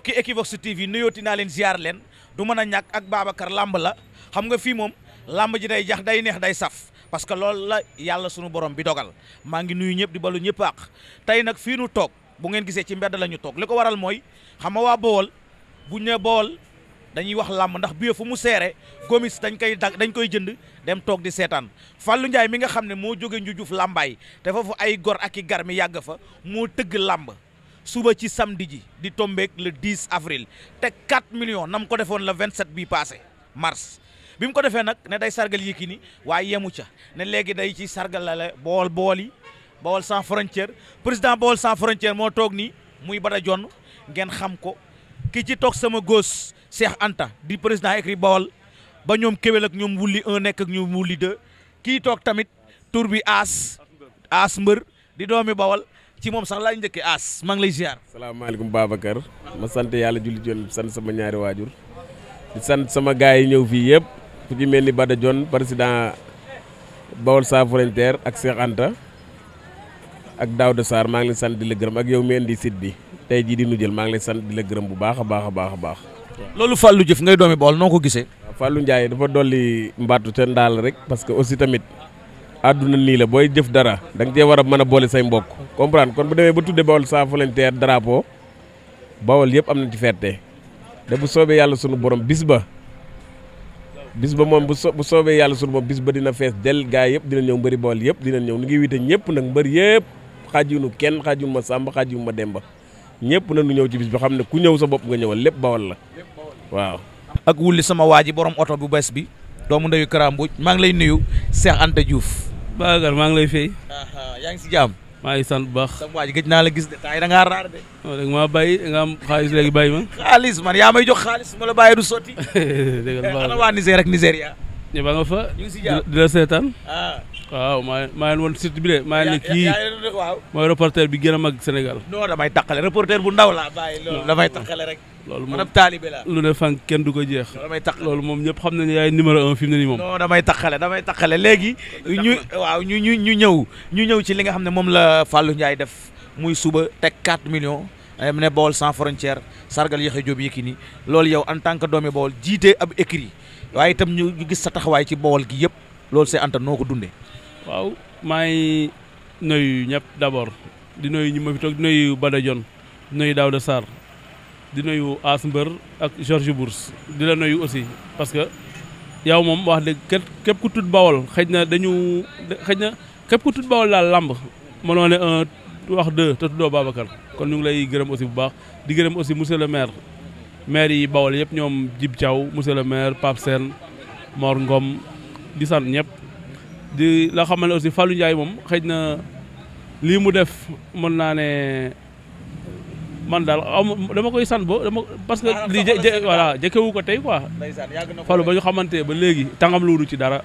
mbokki Equivox TV nuyooti naa leen ziar leen du mën a ñàkk ak Babacar làmb la xam nga fii moom làmb ji day jax day neex day saf parce que loolu la yàlla sunu borom bi dogal maa ngi nuyu ñëpp di balu ñëpp àq tey nag fii nu toog bu ngeen gisee ci mbedd la ñu toog li ko waral mooy xam nga waa Bawol buñ ne Bawol dañuy wax làmb ndax biir fu mu seere gomis dañ koy dag dañ koy jënd dem toog di seetaan Fallou njaay mi nga xam ne moo jóge Njujuuf làmbaay te foofu ay gor ak i gar mi yàgg fa moo tëgg làmb suba ci samedi ji di tombeek le 10 avril te 4 millions nam ko defoon le 27 bi passé mars bi mu ko defee nag ne day sargal ni waaye yemu ca ne léegi day ci sargal la bool bool yi Bawol sans frontière président Bawol sans frontière moo toog nii muy Bada Jonn ngeen xam ko ki ci toog sama góos Cheikh Anta di président écrit Bawol ba ñoom kéwél ak ñoom wulli un nekk ak ñoom wulli de kii toog tamit tur bi aas aas mbër di doomi Bawol ci moom sax laay njëkkee As maa ngi lay ziar. salaamaaleykum Babacar ma sant yàlla julli jël sant sama ñaari waajur di sant sama gaay yi ñëw fii yëpp ku ci mel ni Bada Dione président Bawol Sans Frontières ak Cheikh Anta ak Daouda Sarr maa ngi leen sant di la gërëm ak yow mi indi site bi tey jii di nu jël maa ngi leen sant di la gërëm bu baax a baax baax a baax. loolu Fallou Diouf ngay doomi Bawol noo ko gisee. Fallou Ndiaye dafa dolli mbattu te ndaal rek parce que aussi tamit. àdduna nii la booy jëf dara da cee war a mën a boole say mbokk comprendre kon bu demee ba tudde Bawol sans volontaire drapeau Bawol yëpp am na ci ferte te bu soobee yàlla sunu borom bis ba bis ba moom bu so bu soobee yàlla sunu borom bis ba dina fees del gaa yëpp dina ñëw mbëri Bawol yëpp dina ñëw ni ngi wiite ñëpp nag mbër yëpp xaajunu kenn xaajunu ma Samba xaajunu ma Demba ñëpp na nu ñëw ci bis bi xam ne ku ñëw sa bopp nga ñëwal lépp Bawol la waaw. ak sama waa borom oto bu bees bi doomu ndeyu Kara Mbodj maa ngi lay nuyu Cheikh Anta Babacar maa ngi lay fay. yaa ngi si jàmm. maa ngi sant bu baax. sama waa ji gëj naa la gis de temps yi da ngaa raar de. non dégg maa bàyyi da nga xaalis léegi bàyyi ma. xaalis man yaa may jox xaalis ma la bàyyi du sotti. dëgg la eh, ana waa Niger ak fa. ñu ngi waaw maa maa leen woon site bi de maa leen ne kii mooy reporter bi gën a mag Sénégal. non damay takkale reporter bu ndaw laa bàyyi loolu damay takkale rek. loolu moom taalibe la lu ne fànn kenn du ko jeex. loolu moom ñëpp xam nañu yaay numéro un ne nii moom. non damay takkale damay takkale léegi. ñu waaw ñu ñu ñu ñëw ñu ñëw ci li nga xam ne moom la Fallou Ndiaye def muy suba teg 4 millions. Eh, ne Bawol sans frontière sargal Yaxya Jóob Yékini loolu yow en tant que doomi Bawol jiite ab écrit waaye itam ñu gis sa taxawaay ci Bawol gi yëpp loolu c'est anta noo ko dundee waaw maa ngi nuyu ñëpp d'abord di nuyu ñu ma fi toog di nuyu Bada Dione di nuyu Daouda Sarr di nuyu As Mbër ak George Bourse di la nuyu aussi parce que yow moom wax dëgg képp képp ku tudd Bawol xëj na dañu xëj na képp ku tudd Bawol daal làmb mënoo wax deux te tuddoo Babacar kon ñu ngi lay gërëm aussi bu baax di gërëm aussi monsieur le maire maire yi Bawol yëpp ñoom Djib Thiaw monsieur le maire Pape Sène Mor di sant ñëpp di la xamal aussi Fallou Ndiaye moom xëj na lii mu def mën naa ne man daal dama koy sant ba dama parce que lii ah, voilà jëkkewu ko tey quoi Fallou ba ñu xamante ba léegi tàngam luunu ci dara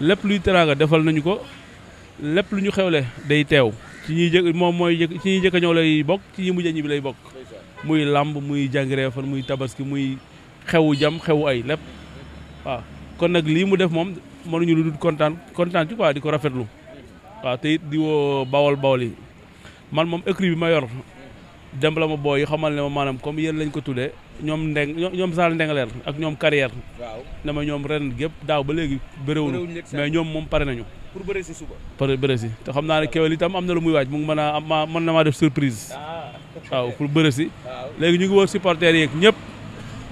lépp luy teraanga defal nañu ko lépp lu ñu xewle day teew ci ñuy jëkk moom mooy ci ñuy jëkk ñëw lay bokk ci ñi mujj ñi bi lay bokk muy làmb muy jàngireefan muy tabaski muy xewu jam xewu ay lépp waaw kon nag lii mu def moom mënuñu lu dul kontaan kontaan ci waa di ko rafetlu waa te di woo bawol bawol yi man moom écrit bi ma yor dem la ma booy yi xamal ne ma maanaam comme yéen lañ ko tuddee ñoom ndeng ñoom saal ndengaleer ak ñoom carrière na ma ñoom ren gépp daaw ba léegi bëréwuñu mais ñoom moom pare nañu pour bëre si suba pare bëre si te xam naa ne kewel itam am na lu muy waaj mu ngi mën a ma mën na maa def surprise ah. waaw pour bëre si léegi ñu ngi woo supporters yeeg ñëpp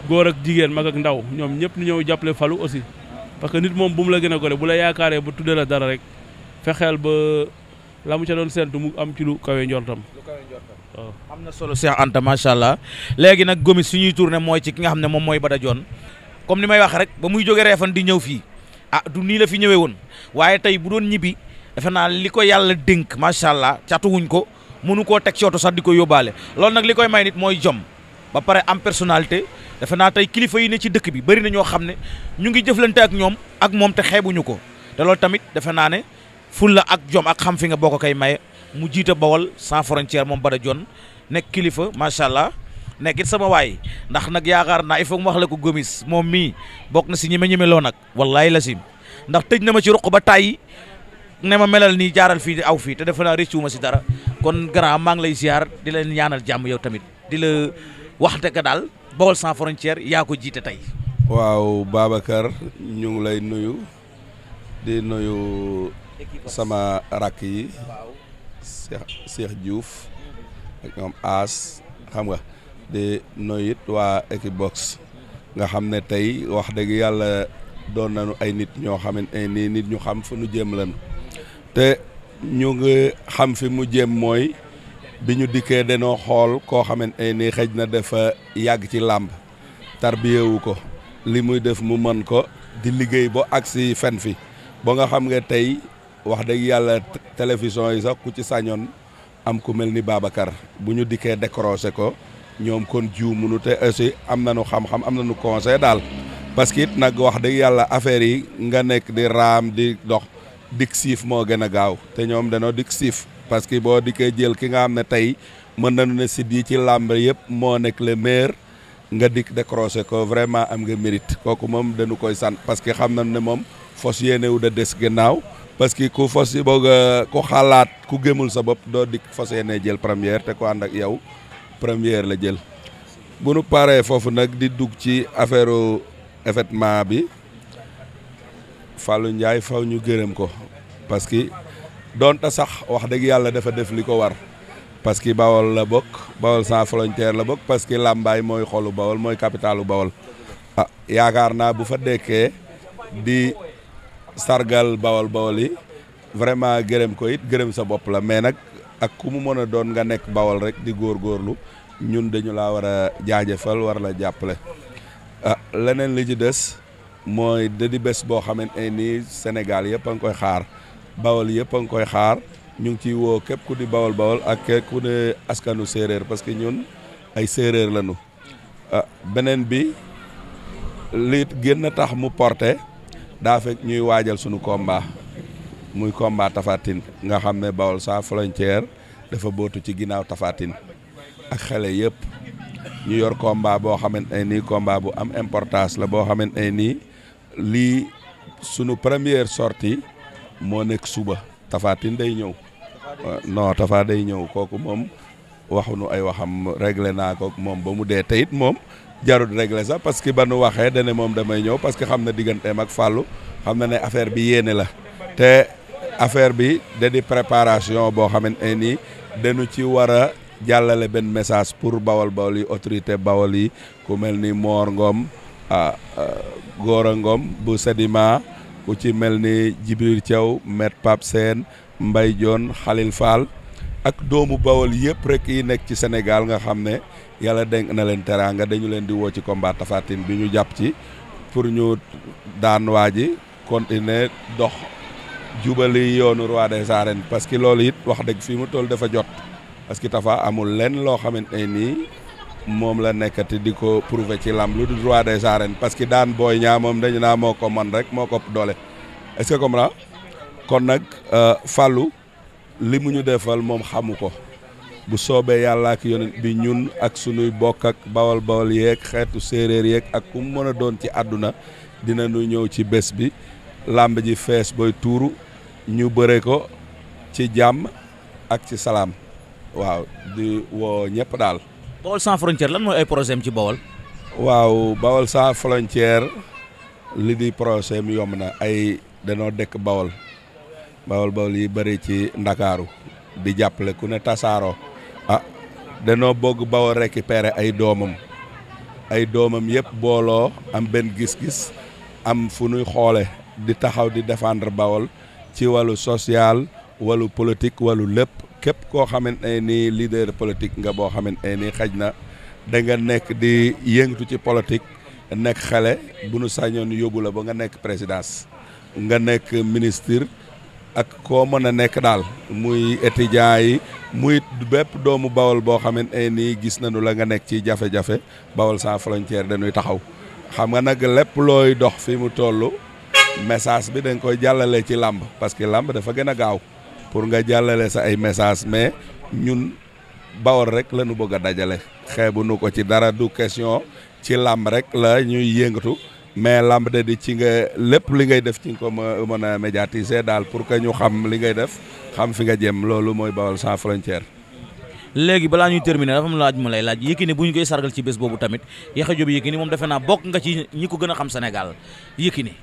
goor ak jigéen mag ak ndaw ñoom ñëpp ñu ñëw jàppale falu aussi parce que nit moom bu mu la gën a gore bu la yaakaaree ba tuddee la dara rek fexeel ba la mu ca doon séntu mu am ci lu kawe njortam. lu am na solo Cheikh Anta macha allah léegi nag Gomis suñuy ne mooy ci ki nga xam ne moom mooy Bada Dione comme ni may wax rek ba muy jógee reefan di ñëw fii ah du nii la fi ñëwee woon waaye tey bu doon ñibbi defe naa li ko yàlla dénk macha allah catuwuñ ko mënu koo teg ci sax di ko yóbbaale loolu nag li koy may mooy jom ba pare am personnalité. defe naa tey kilifa yi ne ci dëkk bi bëri na ñoo xam ne ñu ngi jëflante ak ñoom ak moom te xeebuñu ko te loolu tamit defe naa ne fulla ak jom ak xam fi nga boo ko koy maye mu jiita bawal sans frontière moom Bada jon nekk kilifa macha allah nekk sama waay ndax nag yaakaar naa il faut mu wax la ko Gomis moom mii bokk na si ñeme ñeme loo nag wallaay la si ndax tëj na ma ci ruq ba tàyyi ne ma melal nii jaaral fii di aw fii te defe naa rëccuwuma si dara kon grand maa ngi lay ziar di leen ñaanal jàmm yow tamit di la. wax dëgg daal Baol sans frontière yaa ko jiite tey. waaw baabakër ñu ngi lay nuyu di nuyu sama rakk yi Cheikh Cheikh ak ñoom As xam nga di nuyu it waa Equivox nga xam ne tey wax dëgg yàlla doon nañu ay nit ñoo xamante ni nit ñu xam fu nu jëm lan te ñu ngi xam fi mu jëm mooy. bi ñu dikkee danoo xool koo xamante ni xëj na dafa yàgg ci làmb tarbiyewu ko li muy def mu mën ko di liggéey ba agsi fen fi ba nga xam nga tey wax dëgg yàlla télévision yi sax ku ci sañoon am ku mel ni Babacar bu ñu dikkee décroché ko ñoom kon jiw munu te aussi euh, am nañu xam-xam am na nañu conseil daal parce que it nag wax dëgg yàlla affaire yi nga nekk di raam di dox dik siif moo gën a gaaw te ñoom danoo dik siif parce que boo di jël ki nga xam ne tey mën nañu ne si yi ci làmb yëpp moo nekk le maire nga dikk décroché ko vraiment am nga mérite kooku moom dañu koy sant parce que xam nañu ne moom fos yéene wu da des gannaaw parce que ku fos yi boog ku xalaat ku gëmul sa bopp doo dikk fos yéene jël première te ko ànd ak yow première la jël bu nu paree foofu nag di dugg ci affaire évétement bi Fallou Ndiaye faw ñu gërëm ko parce doonte sax wax dëgg yàlla dafa def li ko war parce que Bawol la bokk Bawol sans frontière la bokk parce que Lambaay mooy xolu Bawol mooy capitalu Bawol ah yaakaar naa bu fa dekkee di sargal Bawol Bawol yi vraiment gërëm ko it gërëm sa bopp la mais nag ak ku mu mën a doon nga nekk Bawol rek di góor góorlu ñun dañu laa war a jaajëfal war la jàppale ah leneen li ci des mooy da di bés boo xamante ni Sénégal yëpp a ngi koy xaar bawal yëpp a ngi koy xaar ñu ngi ciy woo képp ku di bawal bawal ak képp ku ne askanu séeréer parce que ñun ay séeréer lañu ah beneen bi li gën a tax mu porté daa fekk ñuy waajal sunu komba muy combat Tafatine nga xam ne bawal sans frontière dafa bootu ci ginnaaw Tafatine ak xale yëpp ñu yor combat boo xamant ne nii combat bu am importance la boo xamante ne nii lii sunu première sortie moo nekk suba tafaatin day ñëw euh, non tafa day ñëw kooku moom waxunu ay waxam réglé naa ko moom ba mu dee te it moom jarul réglé sax parce que ba nu waxee dane moom damay ñëw parce que xam na digganteem ak Fallou xam na ne affaire bi yéene la te affaire bi da préparation boo xamante ne nii dañu ci war a jàllale benn message pour bawal bawal yi autorité bawal yi ku mel ni Mor ngoom ah euh, Gora Ngom bu Sedima ku ci mel ni Jibril Thiaw Maître Pape Sène mbay Dione Khalil Fall ak doomu bawol yëpp rek yi nekk ci senegal nga xam ne yàlla denk na leen teraanga dañu leen di woo ci combat Tapha bi ñu jàpp ci pour ñu daan waa ji continuer dox jubali yoonu roi des arènes parce que loolu it wax dëgg fii mu toll dafa jot parce que Tapha amul leen loo xamante ne nii moom la nekkati di ko prouver ci lamb lu dul roi des arènes parce que daan booy ñaa moom dañu naa moo ko man rek moo ko doole est-ce que comprend kon nag euh, Fallou li mu ñu defal moom xamu ko bu soobee yàlla ak yonent bi ñun ak sunuy bokk ak bawal bawal yeeg xeetu séeréer yeeg ak ku mu mën a doon ci àdduna dinañu ñëw ci bés bi làmb ji fees booy tuuru ñu bëre ko ci jàmm ak ci salaam waaw di woo ñëpp daal Bawol sans frontière lan mooy ay projet ci Bawol. waaw Bawol sans frontière li di projet mi yomb na ay danoo dekk Bawol Bawol Bawol yi bëri ci Ndakaaru di jàppale ku ne tasaaroo a ah, danoo bëgg Bawol récupérer ay doomam ay doomam yëpp booloo am benn gis-gis am fu nuy xoole di taxaw di défendre Bawol ci wàllu social wàllu polotik wàllu lépp. képp koo xamante ne ni leader politique nga boo xamante ne nii xaj na da nga nekk di yëngatu ci politique nekk xale bu nu sañoon yóbbu la ba nga nekk présidence nga nekk ministre ak koo mën a nekk daal muy étudiant yi muy bépp doomu bawol boo xamante ne nii gis nañu la nga nekk ci jafe-jafe bawol sans frontière dañuy taxaw xam nga nag lépp looy dox fi mu toll message bi dañ koy jàllale ci làmb parce que làmb dafa gën a gaaw pour nga jàllale sa ay message mais ñun Bawol rek la ñu bëgg a dajale xeebu nu ko ci dara du question ci làmb rek la ñuy yëngatu mais làmb de di ci nga lépp li ngay def ci nga ko ma mën a médiatiser daal pour que ñu xam li ngay def xam fi nga jëm loolu mooy Bawol sans frontière léegi balaa ñuy terminer dafa am laaj ma lay laaj Yékini bu ñu koy sargal ci bés boobu tamit Yaxya Jóob Yékini moom defe naa bokk nga ci ñi ko gën a xam Sénégal Yékini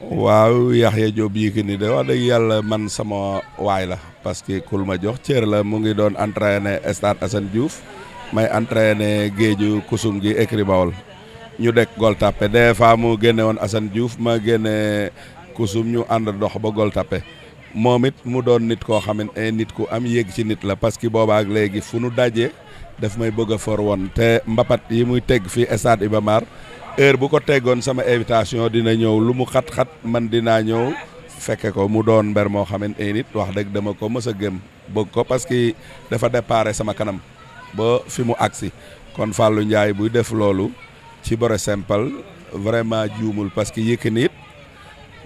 waaw Yaxya Diop Yékini de wax dëgg yàlla man sama waay la parce que kul ma jox cër la mu ngi doon entraîné stade Assane Diouf may entraîné géeju kusum gi écrit Bawol ñu dekk gol tappe des fois mu génne woon Assane Diouf ma génne kusum ñu ànd dox ba gol tappe moom it mu doon nit koo xam nit ku am yéeg ci nit la parce que boobaak léegi fu nu dajee daf may bëgg a for woon te mbapat yi muy teg fii stade Iba Mar heure bu ko teggoon sama invitation dina ñëw lu mu xat-xat man dinaa ñëw fekke ko mu doon mber moo xamante ni nit wax dëgg dama ko mës a gëm bëgg ko parce que dafa déparé sama kanam bo fi mu agsi kon Fallou Ndiaye buy def loolu ci bore simple vraiment juumul parce que Yékini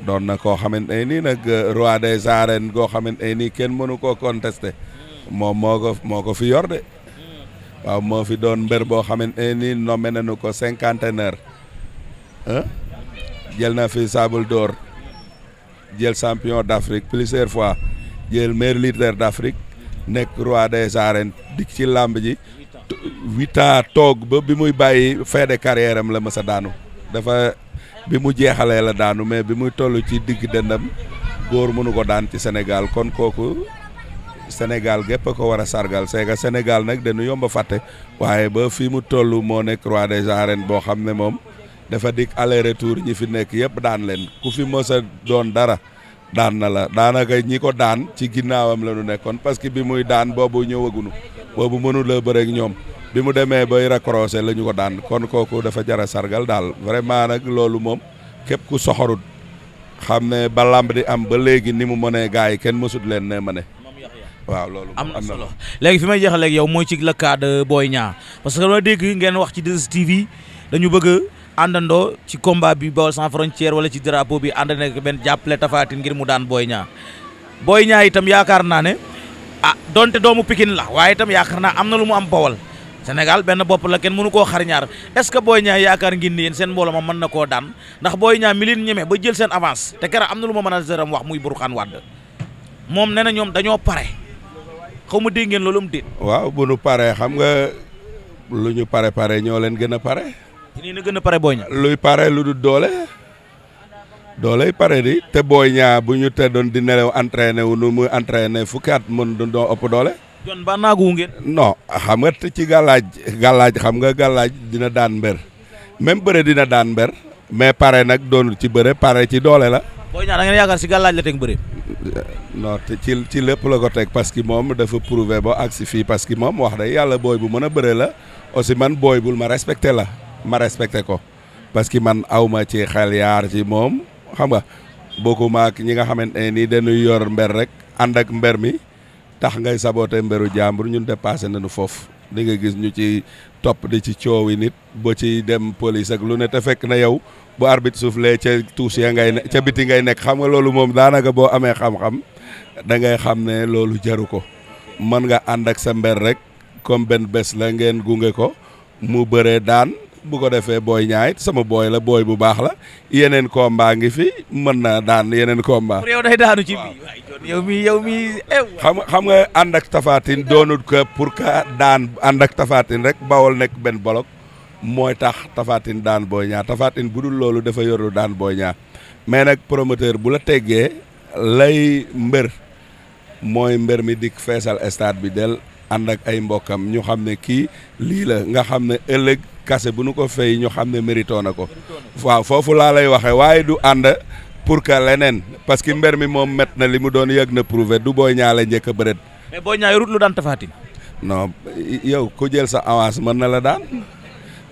doon na koo xamante ne nii nag euh, roi des arènes goo xamante ne nii kenn mënu koo contesté moom moo ko moo ko fi yor de mm. waaw moo fi doon mbër boo xamante ne nii nommé nañu ko cinquantenaire jël naa fi sable door jël champion d'Afrique plusieurs fois jël meilleur lutteur d'Afrique nekk roi des arènes dik ci làmb ji huit toog ba bi muy bàyyi fin de carrière am la mësa daanu dafa bi mu jeexalee la daanu mais bi muy toll ci digg dëndam góor mënu ko daan ci senegal kon kooku Sénégal gépp a ko war a sargal c'est que nag dañu yomba fàtte waaye ba fi mu toll moo nekk roi des arènes boo xam ne moom dafa dik aller retour ñi fi nekk yëpp daan leen ku fi mës a doon dara daan na la daanaka ñi ko daan ci ginnaawam la ñu nekkoon parce que bi muy daan boobu ñëwagunu boobu mënu la bëre ak ñoom bi mu demee bay raccroché la ñu ko daan kon kooku dafa jara sargal daal vraiment nag loolu moom képp ku soxorut xam ne ba lamb di am ba léegi ni mu mënee gars yi kenn mësut leen ne ma ne waaw loolu am na solo léegi fi may jeexal léegi yow mooy ci le cas de Boy parce que ma dégg ngeen bëgg àndandoo ci combat bi Baol sans frontière wala ci drapeau bi ànd nekk benn jàppale Tapha Tine ngir mu daan Boy ñaa Boy ñaa itam yaakaar naa ne ah donte doomu pikin la waaye itam yaakaar naa am na lu mu am Bawol Sénégal benn bopp la kenn mënu koo xar ñaar est-ce que Boy Niang yaakaar ngeen ni yéen seen mbooloo ma mën na koo daan ndax Boy ñaa mi leen ñeme ba jël seen avance te keroog am na lu ma mën a gërëm wax muy Burkhane Wade moom nee na ñoom dañoo pare xaw ma dégg ngeen loolu mu déet. waaw bu nu xam nga lu ñu pare pare ñoo leen gën a pare. nii na gën a pare Boy Niang luy pare lu du doole dooley pare di te booy Niang bu ñu te doon di nelew entraîné wu nu muy entraîné fukki at mën du doo ëpp doole jon ba naaguwu ngeen non xam nga ci gàllaaj gàllaaj xam nga gàllaaj dina daan mbër même bëre dina daan mbër mais pare nag doonul ci bëre pare ci doole la Boy Niang da ngeen yaakaar si gàllaaj la teg bëre non te ci ci lépp la ko teg parce que moom dafa prouvé ba ak fii parce que moom wax day yàlla booy bu mën a bëre la aussi man booy ma respecté la ma respecté ko parce que man awma ci xel yaar ci moom xam nga bokkuma ak ñi nga xamante ne nii dañuy yor mber rek ànd ak mber mi tax ngay saboote mberu jàmbur ñun dépassé nañu foofu di nga gis ñu ci topp di ci coowi nit boo ci dem police ak lu ne te fekk na yow bu arbitre soufflé ca tuus ya ngay ne ca biti ngay nekk xam nga loolu moom daanaka boo amee xam-xam da ngay xam ne loolu jaru ko mën nga ànd ak sa mber rek comme benn bés la ngeen gunge ko mu bëree daan bu ko defee booy ñaay sama booy la booy bu baax la yeneen combat ngi fi mën naa daan yeneen combat. pour ci bi yow mi xam nga xam ànd ak tafaatin doonut ko pour que daan ànd ak tafaatin rek bawol nekk benn bolok mooy tax tafaatin daan booy ñaa tafaatin bu loolu dafa yorlu daan booy ñaar mais nag promoteur bu la teggee lay mbër mooy mbër mi dikk feesal stade bi del ànd ak ay mbokkam ñu xam ne kii lii la nga xam ne ëllëg. kase bu nu ko fay ñu xam ne mérito na ko waaw foofu laa lay waxee waaye du ànd pour que leneen parce que mber mi moom met na li mu doon yëg na prouvé du booy ñaale njëkk a bëreet. mais booy ñaay rut lu daan tafaati. non yow ku jël sa avance mën na la daan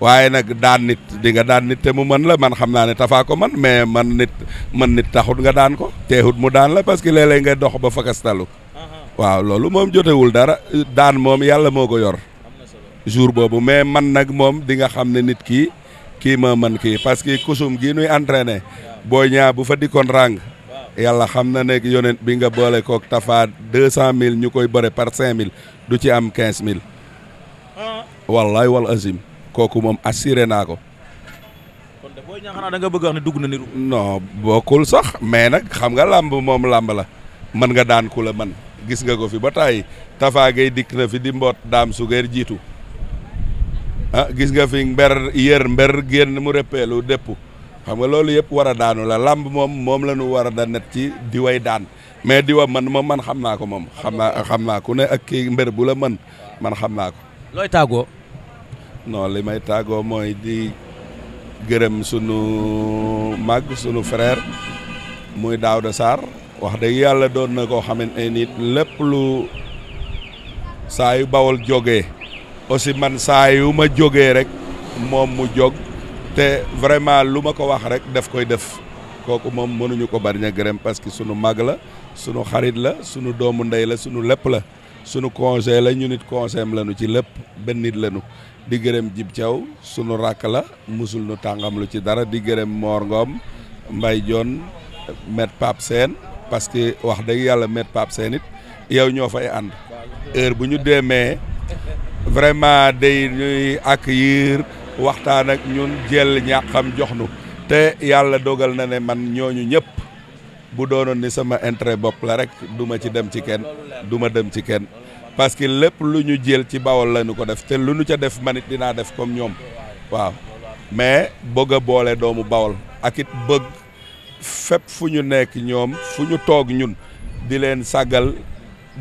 waaye nag daan nit di nga daan nit te mu mën la man xam naa ne tafaa ko man mais man nit man nit taxut nga daan ko teexut mu daan la parce que léeg-léeg ngay dox ba fakastalu waaw loolu moom jotewul dara daan jour boobu mais man nag moom di nga xam ne nit ki kii ma man kii parce que kusum gii nuy entraîné booy ñaar bu fa dikkoon rang yàlla xam na ne yonent bi nga boole kook tafa deux cent mille ñu koy bëre par cinq mille du ci am quinze mille wallaay wal azim kooku moom assuré naa ko kon de booy nga bëgg wax ne dugg na niru non bokkul sax mais nag xam nga làmb moom làmb la mën nga daan ku la man gis nga ko fi ba tàyyi tafa gay dikk na fi di mboot daam sugeer jiitu ah gis nga fi mber yër mber génn mu reppeelu dépp xam nga loolu yëpp war a daanu la làmb moom moom la ñu war a da net ci di way daan mais di wa man moom man xam naa ko moom xam naa xam naa ku ne ak kii mber bu la mën man xam naa ko looy tàggoo non li may tàggoo mooy di gërëm sunu mag sunu frère muy Daouda Sarr wax dëgg yàlla doon na koo xamante ni lépp lu saa yu bawol jógee aussi man saa yu ma jógee rek moom mu jóg te vraiment lu ma ko wax rek def koy def kooku moom mënuñu ko bari ña gërëm parce que sunu mag la sunu xarit la sunu doomu ndey la sunu lépp la sunu conseil la ñu nit conseil am lañu ci lépp benn nit lañu di gërëm Jib Thiaw sunu rakk la mosul nu tàngam lu ci dara di gërëm Mor Ngom Mbay Joon met Pape Sène parce que wax dëgg yàlla met Pape Sène it yow ñoo fay ànd heure bu ñu demee vraiment day ak accueillir waxtaan ak ñun jël ñàqam jox nu te yàlla dogal na ne man ñooñu ñëpp bu doonoon ni sama intérêt bopp la rek duma ci dem ci kenn du ma dem ci kenn parce que lépp lu ñu jël ci Bawol la ñu ko def te lu ñu ca def man it dinaa def comme ñoom waaw mais bëgg a boole doomu Bawol ak it bëgg fépp fu ñu nekk ñoom fu ñu toog ñun di leen sàggal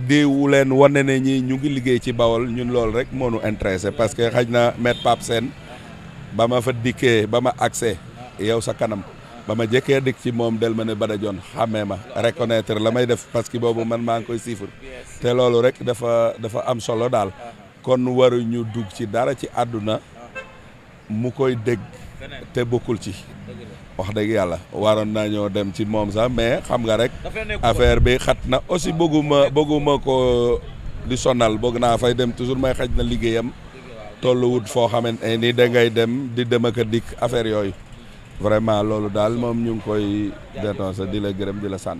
diwu leen wane ne ñi ñu ngi liggéey ci Bawol ñun loolu rek moo nu intéressé parce que xaj na maître Pape Sène ba ma fa dikkee ba ma accès yow sa kanam ba ma jëkkee dikk ci moom del ma ne Badajon xàmmee ma reconnaître la may def parce que boobu man maa ngi koy siifur te loolu rek dafa dafa am solo daal kon waruñu dugg ci dara ci àdduna mu koy dégg te bokkul ci wax dëgg yàlla waroon nañoo dem ci moom sax mais xam nga rek affaire bi xat na aussi bëgguma bëgguma ko di sonal bëgg naa fay dem toujours may xaj na liggéeyam tolluwut foo xamante ni da ngay dem di dem ak a dikk affaire yooyu vraiment loolu daal moom ñu ngi koy dénoncé di la gërëm di la sant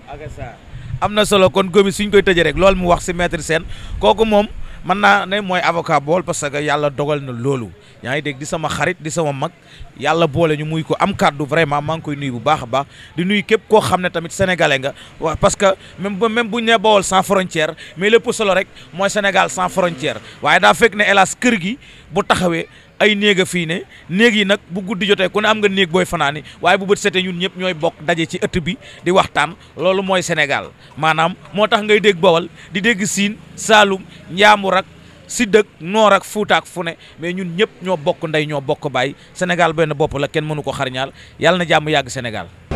am na solo kon gomis suñ koy tëjee rek loolu mu wax si maître seen kooku moom mën naa ne mooy avocat bool parce que yàlla dogal na loolu yaa ngi dégg di sama xarit di sama mag yàlla boole ñu muy ko am kàddu vraiment maa ngi koy nuyu bu baax a baax di nuyu képp koo xam ne tamit sénégalais nga waaw parce que même même bu ñu nee Bawol sans frontière mais lépp solo rek mooy Sénégal sans frontière waaye daa fekk ne hélas kër gi bu taxawee ay néeg a fii ne néeg yi nag bu guddi jotee ku ne am nga néeg booy fanaani waaye bu bët setee ñun ñëpp ñooy bokk daje ci ëtt bi di waxtaan loolu mooy Sénégal maanaam moo tax ngay dégg Bawal di dégg Siin Saalum Njaambur ak Sidd ak Noor ak Fuuta ak fu ne mais ñun ñëpp ñoo bokk ndey ñoo bokk baay Sénégal benn bopp la kenn mënu ko xarñaal yàlla na jàmm yàgg Sénégal